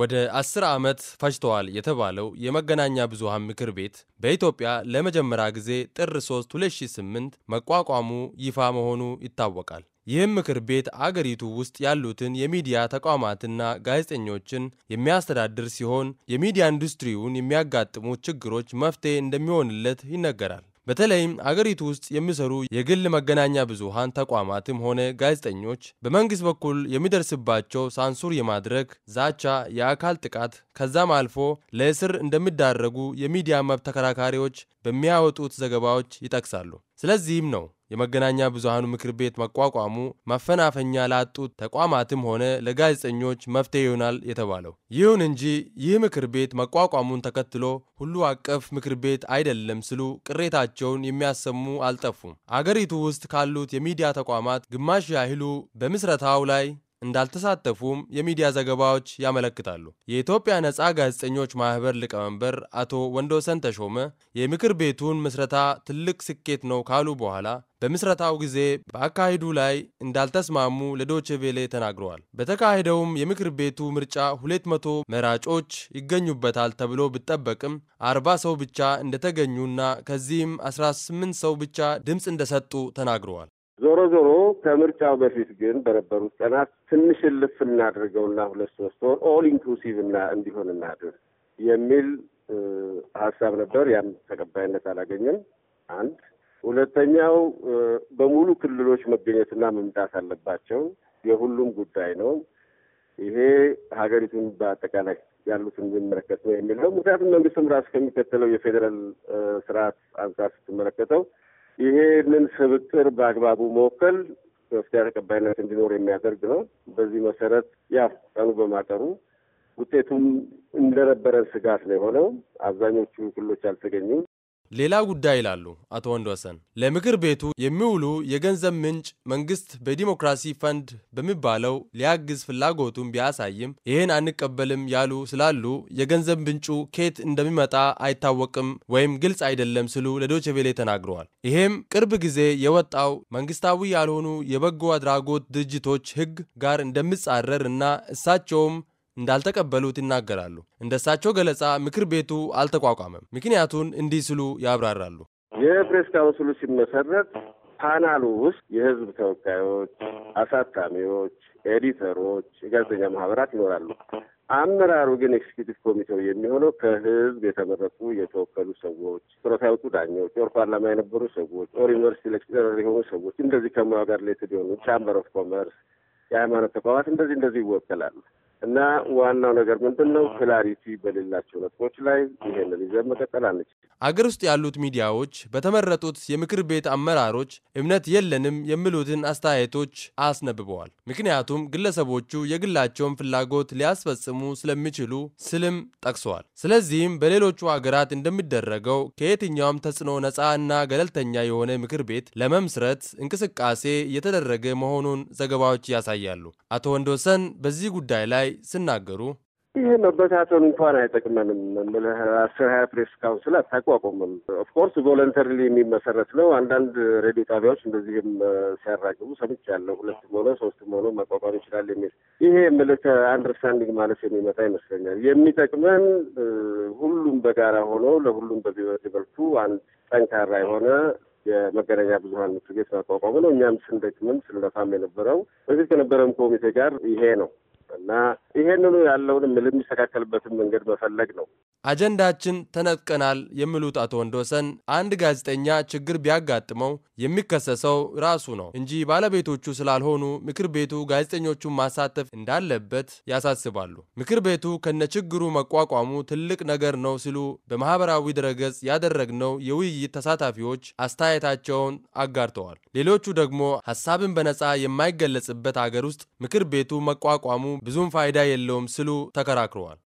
ወደ አስር ዓመት ፈጅተዋል የተባለው የመገናኛ ብዙሃን ምክር ቤት በኢትዮጵያ ለመጀመሪያ ጊዜ ጥር 3 2008 መቋቋሙ ይፋ መሆኑ ይታወቃል። ይህም ምክር ቤት አገሪቱ ውስጥ ያሉትን የሚዲያ ተቋማትና ጋዜጠኞችን የሚያስተዳድር ሲሆን የሚዲያ ኢንዱስትሪውን የሚያጋጥሙት ችግሮች መፍትሄ እንደሚሆንለት ይነገራል። በተለይም አገሪቱ ውስጥ የሚሰሩ የግል መገናኛ ብዙሃን ተቋማትም ሆነ ጋዜጠኞች በመንግስት በኩል የሚደርስባቸው ሳንሱር የማድረግ ዛቻ፣ የአካል ጥቃት ከዛም አልፎ ለእስር እንደሚዳረጉ የሚዲያ መብት ተከራካሪዎች በሚያወጡት ዘገባዎች ይጠቅሳሉ። ስለዚህም ነው የመገናኛ ብዙሃኑ ምክር ቤት መቋቋሙ ማፈናፈኛ ላጡት ተቋማትም ሆነ ለጋዜጠኞች መፍትሄ ይሆናል የተባለው። ይሁን እንጂ ይህ ምክር ቤት መቋቋሙን ተከትሎ ሁሉ አቀፍ ምክር ቤት አይደለም ስሉ ቅሬታቸውን የሚያሰሙ አልጠፉም። አገሪቱ ውስጥ ካሉት የሚዲያ ተቋማት ግማሽ ያህሉ በምስረታው ላይ እንዳልተሳተፉም የሚዲያ ዘገባዎች ያመለክታሉ። የኢትዮጵያ ነፃ ጋዜጠኞች ማህበር ሊቀመንበር አቶ ወንዶሰን ተሾመ የምክር ቤቱን ምስረታ ትልቅ ስኬት ነው ካሉ በኋላ በምስረታው ጊዜ በአካሄዱ ላይ እንዳልተስማሙ ለዶቼ ቬሌ ተናግረዋል። በተካሄደውም የምክር ቤቱ ምርጫ 200 መራጮች ይገኙበታል ተብሎ ቢጠበቅም 40 ሰው ብቻ እንደተገኙና ከዚህም 18 ሰው ብቻ ድምፅ እንደሰጡ ተናግረዋል። ዞሮ ዞሮ ከምርጫው በፊት ግን በነበሩት ቀናት ትንሽ እልፍ እናድርገውና ሁለት ሶስት ወር ኦል ኢንክሉሲቭ እና እንዲሆን እናድር የሚል ሀሳብ ነበር። ያም ተቀባይነት አላገኘም። አንድ ሁለተኛው በሙሉ ክልሎች መገኘትና መምጣት አለባቸው። የሁሉም ጉዳይ ነው። ይሄ ሀገሪቱን በአጠቃላይ ያሉትን የሚመለከት ነው የሚል ነው። ምክንያቱም መንግስትም ራሱ ከሚከተለው የፌዴራል ስርዓት አንጻር ስትመለከተው ይሄንን ስብጥር በአግባቡ መወከል መፍትያ ተቀባይነት እንዲኖር የሚያደርግ ነው። በዚህ መሰረት ያው ቀኑ በማጠሩ ውጤቱም እንደነበረን ስጋት ነው የሆነው። አብዛኞቹ ክልሎች አልተገኙም። ሌላ ጉዳይ ይላሉ አቶ ወሰን፣ ለምክር ቤቱ የሚውሉ የገንዘብ ምንጭ መንግስት በዲሞክራሲ ፈንድ በሚባለው ሊያግዝ ፍላጎቱን ቢያሳይም ይህን አንቀበልም ያሉ ስላሉ የገንዘብ ምንጩ ኬት እንደሚመጣ አይታወቅም ወይም ግልጽ አይደለም ሲሉ ለዶችቬሌ ተናግረዋል። ይሄም ቅርብ ጊዜ የወጣው መንግስታዊ ያልሆኑ የበጎ አድራጎት ድርጅቶች ህግ ጋር እንደሚጻረር እና እሳቸውም እንዳልተቀበሉት ይናገራሉ። እንደሳቸው ገለጻ ምክር ቤቱ አልተቋቋመም። ምክንያቱን እንዲህ ስሉ ያብራራሉ። የፕሬስ ካውንስሉ ሲመሰረት ፓናሉ ውስጥ የህዝብ ተወካዮች፣ አሳታሚዎች፣ ኤዲተሮች፣ የጋዜጠኛ ማህበራት ይኖራሉ። አመራሩ ግን ኤክስኪዩቲቭ ኮሚቴው የሚሆነው ከህዝብ የተመረጡ የተወከሉ ሰዎች፣ ጡረታ ያወጡ ዳኞች፣ ኦር ፓርላማ የነበሩ ሰዎች፣ ኦር ዩኒቨርሲቲ ሌክቸረር የሆኑ ሰዎች እንደዚህ ከሙያው ጋር ሌትድ የሆኑ ቻምበር ኦፍ ኮመርስ፣ የሃይማኖት ተቋማት እንደዚህ እንደዚህ ይወከላሉ። እና ዋናው ነገር ምንድን ነው? ክላሪቲ በሌላቸው ነጥቦች ላይ ይሄንን ይዘን መቀጠል አንችል። አገር ውስጥ ያሉት ሚዲያዎች በተመረጡት የምክር ቤት አመራሮች እምነት የለንም የሚሉትን አስተያየቶች አስነብበዋል። ምክንያቱም ግለሰቦቹ የግላቸውን ፍላጎት ሊያስፈጽሙ ስለሚችሉ ስልም ጠቅሰዋል። ስለዚህም በሌሎቹ ሀገራት እንደሚደረገው ከየትኛውም ተጽዕኖ ነጻ እና ገለልተኛ የሆነ ምክር ቤት ለመምስረት እንቅስቃሴ እየተደረገ መሆኑን ዘገባዎች ያሳያሉ። አቶ ወንዶሰን በዚህ ጉዳይ ላይ ሲናገሩ ይህ መበታተን እንኳን አይጠቅመንም። ምልህ አስር ሀያ ፕሬስ ካውንስል አታቋቁምም። ኦፍኮርስ ቮለንተሪ የሚመሰረት ነው። አንዳንድ ሬዲዮ ጣቢያዎች እንደዚህም uh, ሲያራግቡ ሰምቻለሁ። ሁለትም ሆነ ሶስትም ሆኖ ማቋቋም ይችላል የሚል ይሄ ምልህ ከአንደርስታንዲንግ ማለት የሚመጣ ይመስለኛል። የሚጠቅመን uh, ሁሉም በጋራ ሆኖ ለሁሉም በቢበልቱ አንድ ጠንካራ የሆነ የመገናኛ ብዙሀን ምክር ቤት ማቋቋሙ ነው። እኛም ስንደክምም ስንለፋም የነበረው በፊት ከነበረም ኮሚቴ ጋር ይሄ ነው። እና ይሄንኑ ያለውን የሚስተካከልበትን መንገድ መፈለግ ነው። አጀንዳችን ተነጥቀናል የሚሉት አቶ ወንዶሰን አንድ ጋዜጠኛ ችግር ቢያጋጥመው የሚከሰሰው ራሱ ነው እንጂ ባለቤቶቹ ስላልሆኑ ምክር ቤቱ ጋዜጠኞቹን ማሳተፍ እንዳለበት ያሳስባሉ። ምክር ቤቱ ከነ ችግሩ መቋቋሙ ትልቅ ነገር ነው ሲሉ በማህበራዊ ድረገጽ ያደረግነው የውይይት ተሳታፊዎች አስተያየታቸውን አጋርተዋል። ሌሎቹ ደግሞ ሀሳብን በነፃ የማይገለጽበት አገር ውስጥ ምክር ቤቱ መቋቋሙ ብዙም ፋይዳ የለውም ሲሉ ተከራክረዋል።